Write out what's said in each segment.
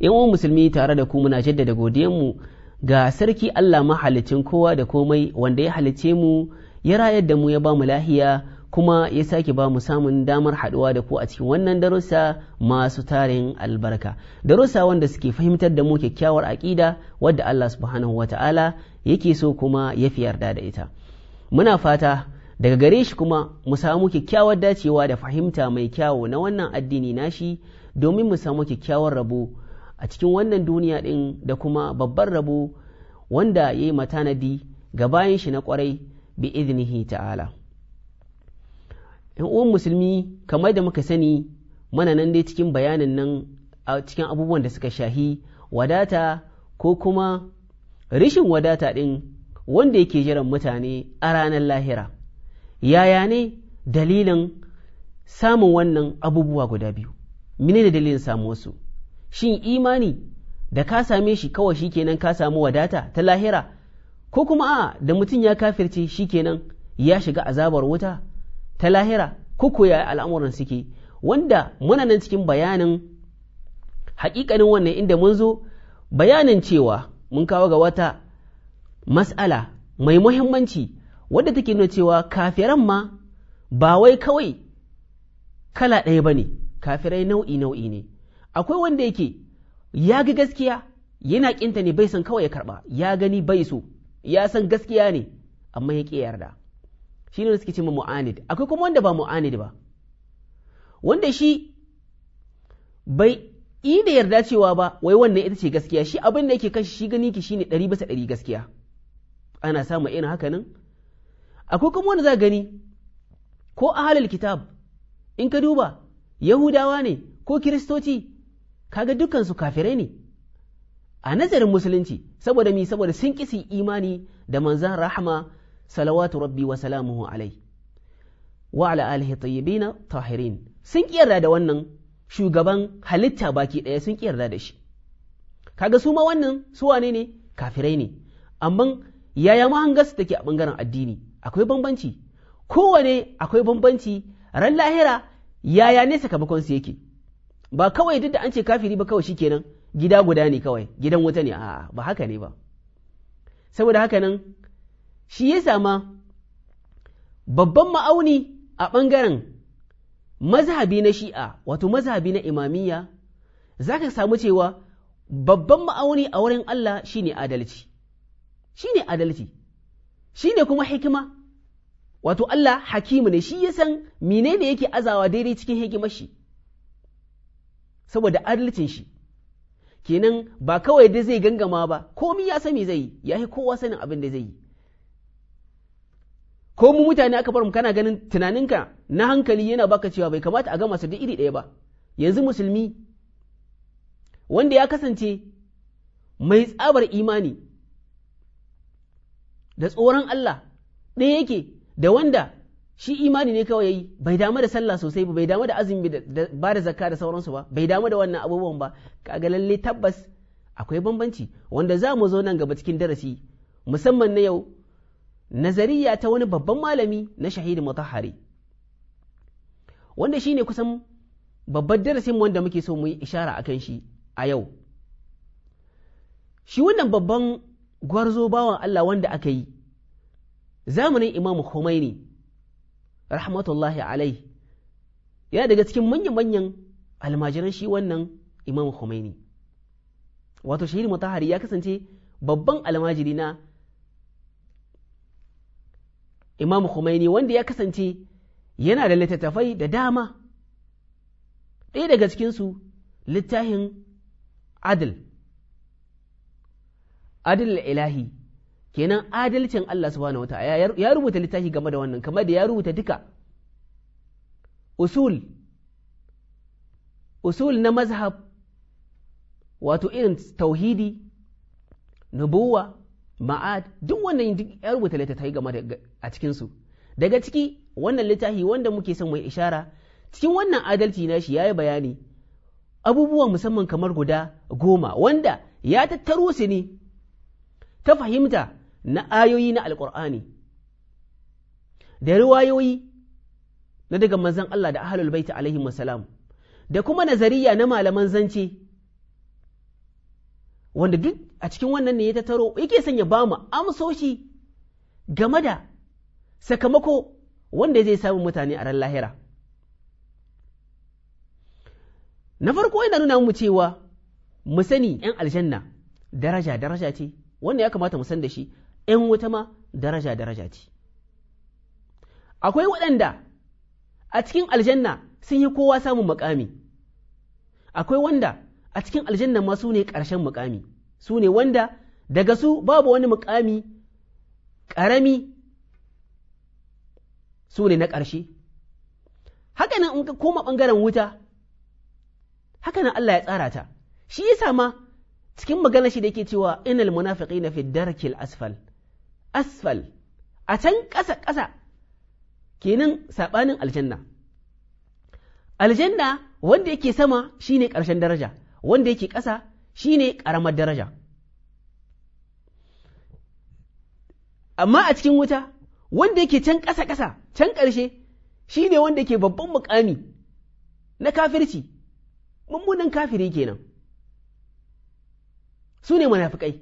yan uwan musulmi tare da ku muna jaddada godiyanmu ga sarki Allah mahalicin kowa da komai wanda ya halice mu ya rayar da mu ya ba mu lahiya kuma ya sake ba mu samun damar haɗuwa da ku a cikin wannan darussa masu tarin albarka darussa wanda suke fahimtar da mu kyakkyawar aƙida wadda Allah subhanahu wata'ala yake so kuma ya fi yarda da ita muna fata daga gare shi kuma mu samu kyakkyawar dacewa da fahimta mai kyawu na wannan addini nashi domin mu samu kyakkyawar rabo a cikin wannan duniya ɗin da kuma babban rabo wanda ya yi matanadi ga bayan shi na kwarai bi iznihi ta'ala ‘yan uwan musulmi kamar da muka sani mana nan dai cikin bayanin nan a cikin abubuwan da suka shahi wadata ko kuma rishin wadata ɗin wanda yake jiran mutane a ranar lahira yaya ne dalilin samun wannan abubuwa guda biyu ne dalilin samu wasu shin imani da ka same shi kawai shi kenan ka samu wadata ta lahira ko kuma a da mutum ya kafirce shi kenan ya shiga azabar wuta ta lahira ko koya al'amuran suke wanda muna nan cikin bayanin hakikanin wannan inda mun zo bayanin cewa mun kawo ga wata mas'ala mai muhimmanci wadda take nuna cewa kafiran ma ba wai kawai kala ɗaya ba ne kafirai nau'i nau'i ne akwai wanda yake ya ga gaskiya yana kinta ne bai san kawai ya karba ya gani bai so ya san gaskiya ne amma ya ƙi yarda shi ne suke cewa mu'anid akwai kuma wanda ba mu'anid ba wanda shi bai yi da yarda cewa ba wai wannan ita ce gaskiya shi abin da yake kashi shi gani ki shine ɗari bisa ɗari gaskiya ana samun irin haka nan akwai kuma wanda za gani ko ahalul kitab in ka duba yahudawa ne ko kiristoci kaga dukansu kafirai ne a nazarin musulunci saboda mi saboda sun kisi imani da manzan rahama salawatu rabbi wa salamuhu alai wa ala alihi tayyibina tahirin sun kiyarda da wannan shugaban halitta baki ɗaya sun kiyarda da shi kaga su ma wannan su wane ne kafirai ne amma yaya hangas take a bangaren addini akwai bambanci kowane akwai bambanci ran lahira yaya ne sakamakonsu yake ba kawai duk da an ce kafiri ba kawai kenan gida guda ne kawai gidan wuta ne a'a ba haka ne ba saboda haka nan shi ya sama babban ma'auni a ɓangaren mazhabi na shi'a wato mazhabi na imamiyya za ka samu cewa babban ma'auni a wurin Allah shi ne adalci ne adalci ne kuma hikima wato Allah hakimu ne shi ya san menene yake azawa daidai cikin hikimar shi saboda adalcin shi kenan ba kawai da zai gangama ba komi ya sani zai yi ya yi kowa sanin abin da zai yi ko mu mutane aka bar mu kana ganin tunaninka na hankali yana baka cewa bai kamata a gama su da iri ɗaya ba yanzu musulmi wanda ya kasance mai tsabar imani da tsoron Allah ɗaya yake da wanda shi imani ne kawai yayi bai damu da sallah sosai ba bai damu da azumi da ba da zakka da sauransu ba bai damu da wannan abubuwan ba kaga lalle tabbas akwai bambanci wanda za mu zo nan gaba cikin darasi musamman na yau nazariya ta wani babban malami na shahidi mutahari wanda shine kusan babban darasin wanda muke so mu yi ishara akan shi a yau shi wannan babban gwarzo bawan Allah wanda aka yi zamanin imam Khomeini rahmatullahi alai ya daga cikin manya-manyan almajiran shi wannan imam Khomeini wato shahidu mutahari ya kasance babban almajiri na imam Khomeini wanda ya kasance yana da littattafai da dama ɗaya daga cikinsu littafin adil adil ilahi kenan adalcin Allah subhanahu ta'ala ya rubuta littafi game da wannan kamar da ya rubuta duka usul usul na mazhab wato irin tauhidi nubuwa ma'ad duk wannan ya rubuta littafi game da a cikinsu daga ciki wannan littafi wanda muke son mai ishara cikin wannan adalci na shi ya yi bayani abubuwa musamman kamar guda goma wanda ya tattaro su ne ta fahimta na ayoyi na alƙur'ani da riwayoyi na daga manzan Allah da ahalul baiti alaihi wasalam da kuma nazariya na malaman zance wanda duk a cikin wannan ne ya tattaro yake sanya ya bamu amsoshi game da sakamako wanda zai samu mutane a ran lahira na farko yana nuna mu cewa mu sani ‘yan aljanna daraja daraja ce wanda ya kamata mu san da shi ‘yan wuta ma daraja-daraja ce. Akwai waɗanda a cikin aljanna sun yi kowa samun makami, akwai wanda a cikin aljanna ma su ne ƙarshen makami, su ne wanda daga su babu wani makami ƙarami su ne na ƙarshe. Hakanan in ka koma ɓangaren wuta, hakanan Allah ya tsara ta, shi yasa ma cikin maganar shi da yake cewa inal na fi darkil asfal asfal a can ƙasa ƙasa kenan saɓanin aljanna aljanna wanda yake sama shine ƙarshen daraja wanda yake ƙasa shine ƙaramar daraja amma a cikin wuta wanda yake can ƙasa ƙasa can ƙarshe shine wanda yake babban mukami na kafirci mummunan kafiri kenan su ne munafikai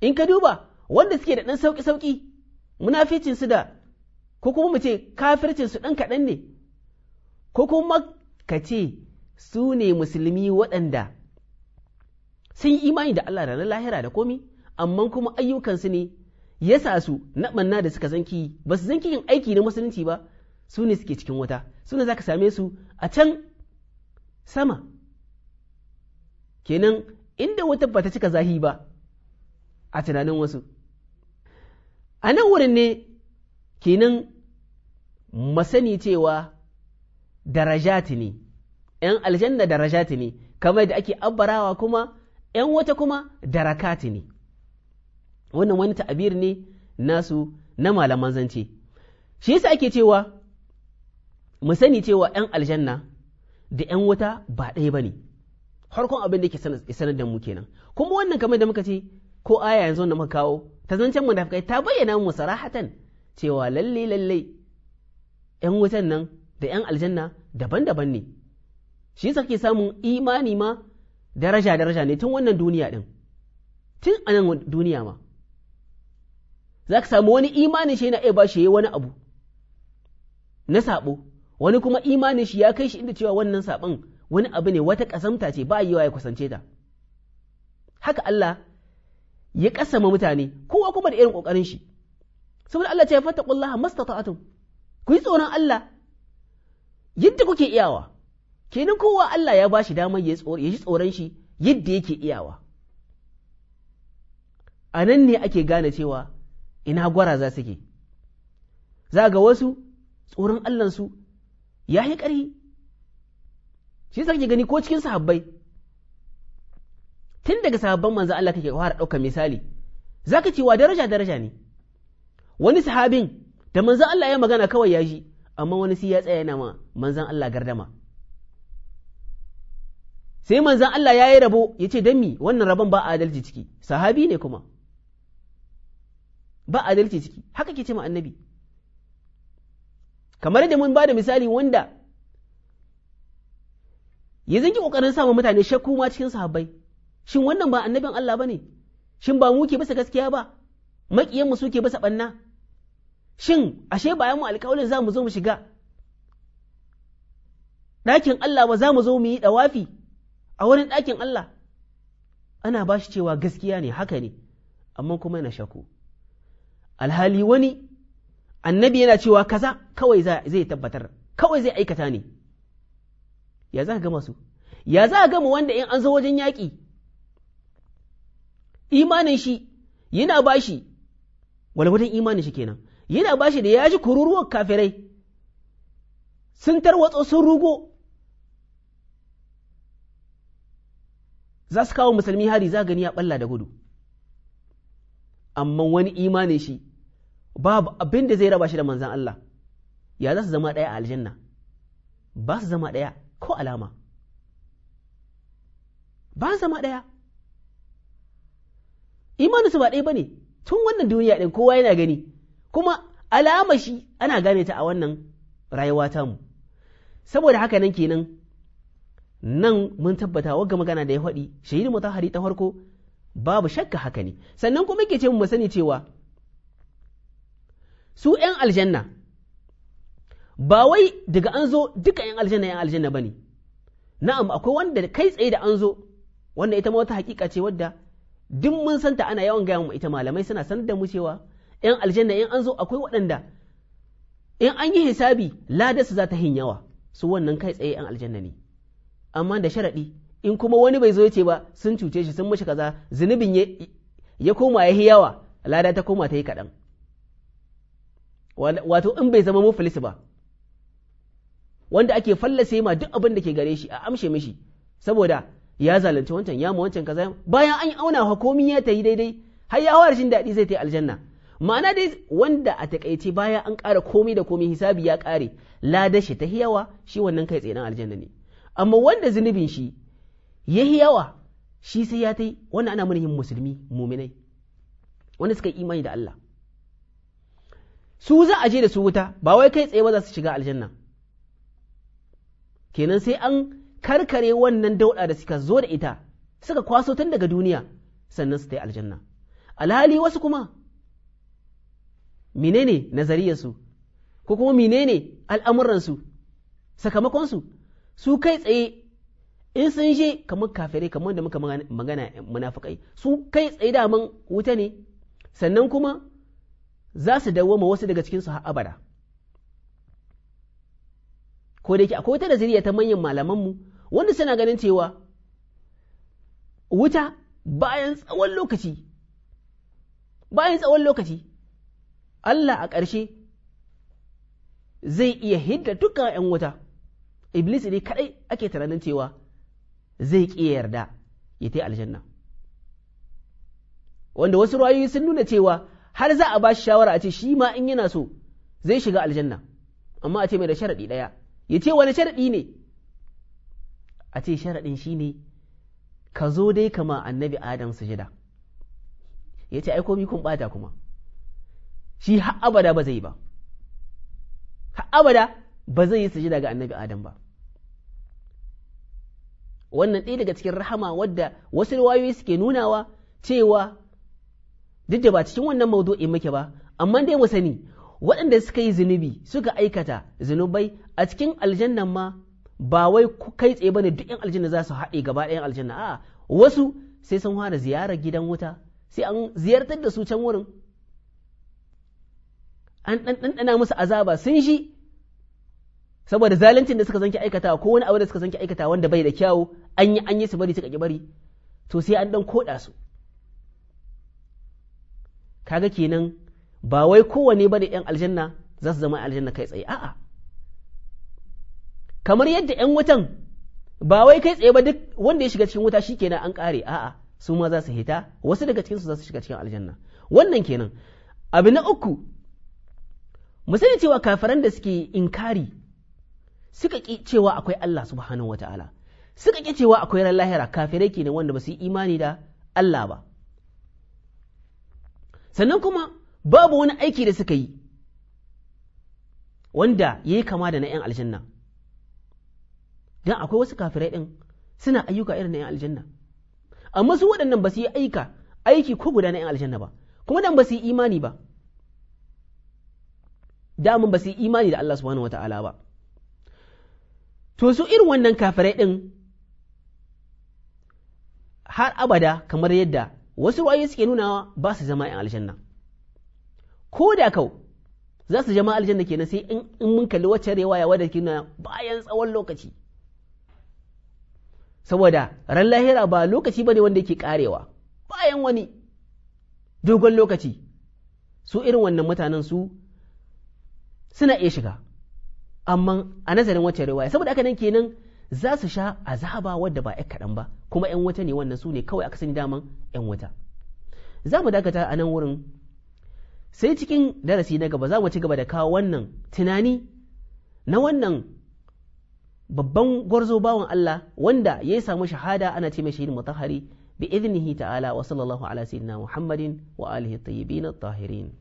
in ka duba wanda suke da ɗan sauƙi-sauƙi munafincin su da ko kuma mu ce kafircin su ɗan kaɗan ne ko kuma ka ce su ne musulmi waɗanda sun yi imani da Allah ranar lahira da komi amma kuma ayyukansu ne ya sa su na ɓanna da suka zanki ba su zanki yin aiki na musulunci ba su ne suke cikin wuta su ne za ka same su a can sama kenan inda wuta ba ta cika zahi ba a tunanin wasu a nan wurin ne kenan masani cewa darajati ne ‘yan aljanna darajati ne kamar da ake abarawa kuma ‘yan wata kuma darakati ne wannan wani ta'abir ne nasu na malaman zance shi yasa ake cewa mu cewa ‘yan aljanna da ‘yan wata ba ɗaya ba ne, harkon abin da ke sanar da mu kenan, kuma wannan kamar da muka ce ko aya yanzu da muka kawo ta zancen munafikai ta bayyana mu sarahatan cewa lalle lalle ‘yan wutan nan da ‘yan aljanna daban-daban ne, shi sake samun imani ma daraja-daraja ne tun wannan duniya din? tun anan duniya ma. Za ka samu wani imanin shi na iya ba shi wani abu na saɓo, wani kuma imanin shi ya kai shi inda cewa wannan saɓon wani abu ne wata kasamta ce ba yiwa ya kusance ta. Haka Allah ya kasama mutane kowa kuma da irin kokarin shi saboda Allah ce ya fata kullaha mastata'atum ku yi tsoron Allah yadda kuke iyawa kenan kowa Allah ya bashi damar ya ji tsoron shi yadda yake iyawa a nan ne ake gane cewa ina gwara za su ke za ga wasu tsoron Allah su ya yi ƙarhi shi sa gani ko cikin sahabbai tun daga sahabban manzo Allah kake fara ɗaukar misali zaka ce wa daraja daraja ne wani sahabin da manzo Allah ya magana kawai ya ji amma wani sai ya tsaya yana ma manzon Allah gardama sai manzon Allah ya yi rabo ya ce dan wannan rabon ba adalci ciki sahabi ne kuma ba adalci ciki haka ke ce ma annabi kamar da mun ba da misali wanda ya zan ki ƙoƙarin sama mutane shakku ma cikin sahabbai shin wannan ba annabin Allah ba ne shin ba mu ke bisa gaskiya ba maƙiyanmu su ke bisa ɓanna shin ashe bayan mu alƙawarin za mu zo mu shiga ɗakin Allah ba za mu zo mu yi ɗawafi a wurin ɗakin Allah ana ba shi cewa gaskiya ne haka ne amma kuma yana shaku alhali wani annabi yana cewa kaza kawai zai tabbatar kawai zai aikata ne ya za ka gama ya za ka gama wanda in an zo wajen yaƙi imanin shi yana bashi walwadan imanin shi kenan yana bashi da ya ji kururuwan kafirai sun tarwatsa sun rugo za su kawo musulmi hari za gani ya balla da gudu amma wani imanin shi babu abin da zai raba shi da manzan Allah ya za su zama ɗaya a aljanna ba su zama ɗaya ko alama ba su zama ɗaya imaninsu ba ɗaya bane tun wannan duniya ɗin kowa yana gani kuma alama shi ana gane ta a wannan rayuwa mu. saboda haka nan kenan nan mun tabbata wagga magana da ya faɗi shahidin mutahari ta farko babu shakka haka ne sannan kuma yake ce mu sani cewa su ƴan aljanna ba wai daga an zo duka ƴan aljanna ƴan aljanna ba ne na'am akwai wanda kai tsaye da an zo wanda ita ma wata hakika ce wadda duk mun santa ana yawan gaya mu ita malamai suna sanar da mu cewa ‘yan aljanna in an zo akwai waɗanda in an yi hisabi su za ta hin yawa su wannan kai tsaye ‘yan aljanna ne amma da sharaɗi in kuma wani bai zo ya ce ba sun cuce shi sun mashi kaza zunubin ya koma ya yawa lada ta koma ta yi kaɗan wato in bai zama mufilis ba wanda ake fallase ma duk abin da ke gare shi a amshe mishi saboda ya zalunci wancan ya ma wancan kaza bayan an auna fa komai ya tayi daidai har ya hawa rashin daɗi zai tayi aljanna ma'ana dai wanda a takaice baya an ƙara komai da komai hisabi ya ƙare ladashi ta hiyawa shi wannan kai tsaye aljanna ne amma wanda zunubin shi ya hiyawa shi sai ya yi. wannan ana yin musulmi muminai wanda suka imani da Allah su za a je da su wuta ba wai kai tsaye ba za su shiga aljanna kenan sai an karkare wannan dauɗa da suka zo da ita suka kwaso tun daga duniya sannan su ta yi aljanna alhali wasu kuma menene nazariyarsu ko kuma menene al'amuransu sakamakonsu su kai tsaye in sun je kamar kafirai kamar da muka magana eh, munafukai su kai tsaye daman wuta ne sannan kuma za su dawoma wasu daga cikinsu har abada ko da yake akwai wata nazariya ta manyan malamanmu wanda suna ganin cewa wuta bayan tsawon lokaci bayan tsawon lokaci Allah a ƙarshe zai iya hidda dukkan 'yan wuta iblis ne kaɗai ake tunanin cewa zai ƙi yarda ya ta aljanna wanda wasu ra'ayoyi sun nuna cewa har za a ba shi shawara a ce shi ma in yana so zai shiga aljanna amma a ce mai da sharaɗi ɗaya ya ce wani sharaɗi ne a ce sharaɗin shi ne ka zo dai kama annabi adam sujada ya ce aiko komi kun bata kuma shi har abada ba zai yi ba har abada ba zai yi sujada ga annabi adam ba wannan ɗaya daga cikin rahama wadda wasu riwayoyi suke nunawa cewa duk da ba cikin wannan maudu'i muke ba amma dai mu sani waɗanda suka yi zunubi suka aikata zunubai a cikin aljannan ma ba wai kai tsaye bane duk 'yan aljanna za su haɗe gaba ɗayan aljanna a wasu sai sun fara ziyarar gidan wuta sai an ziyartar da su can wurin an ɗanɗana musu azaba sun shi saboda zaluncin da suka zanki aikata ko wani abu da suka zanki aikata wanda bai da kyawu an yi an yi su bari suka ƙi bari to sai an ɗan koɗa su kaga kenan ba wai kowane bane yan aljanna za su zama aljanna kai tsaye a'a kamar yadda ‘yan wutan ba wai kai tsaye ba duk wanda ya shiga cikin wuta shi kenan an kare a'a su ma za su hita wasu daga cikinsu za su shiga cikin aljanna wannan kenan abu na uku mu cewa kafiran da suke inkari suka ƙi cewa akwai Allah subhanahu Ta'ala suka ƙi cewa akwai ran lahira kafirai kenan wanda ba su yi imani da Allah ba sannan kuma babu wani aiki da suka yi wanda ya yi kama da na 'yan aljanna dan akwai wasu kafirai din suna ayyuka irin na 'yan aljanna amma su waɗannan ba su yi aika aiki ko guda na 'yan aljanna ba kuma dan ba su yi imani ba damun ba su yi imani da Allah subhanahu wata'ala ba to su irin wannan kafirai din har abada kamar yadda wasu wayoyi suke nunawa ba su zama 'yan aljanna ko da kau za su jama aljanna kenan sai in mun kalli wacce rewaya wadda ke nuna bayan tsawon lokaci saboda ran lahira ba lokaci ba ne wanda yake karewa bayan wani dogon lokaci su irin wannan mutanen su suna iya shiga amma a nazarin wacce riwaya saboda haka nan kenan za su sha azaba wadda ba 'yan kaɗan ba kuma 'yan wata ne wannan su ne kawai aka sani daman 'yan wata za mu dakata a nan wurin sai cikin darasi na gaba za mu ci gaba da kawo wannan tunani na wannan babban gwarzo bawan Allah wanda ya samu shahada ana ce mai shahidin mutahari bi idnihi ta'ala wa sallallahu ala sayyidina Muhammadin wa alihi tayyibin tahirin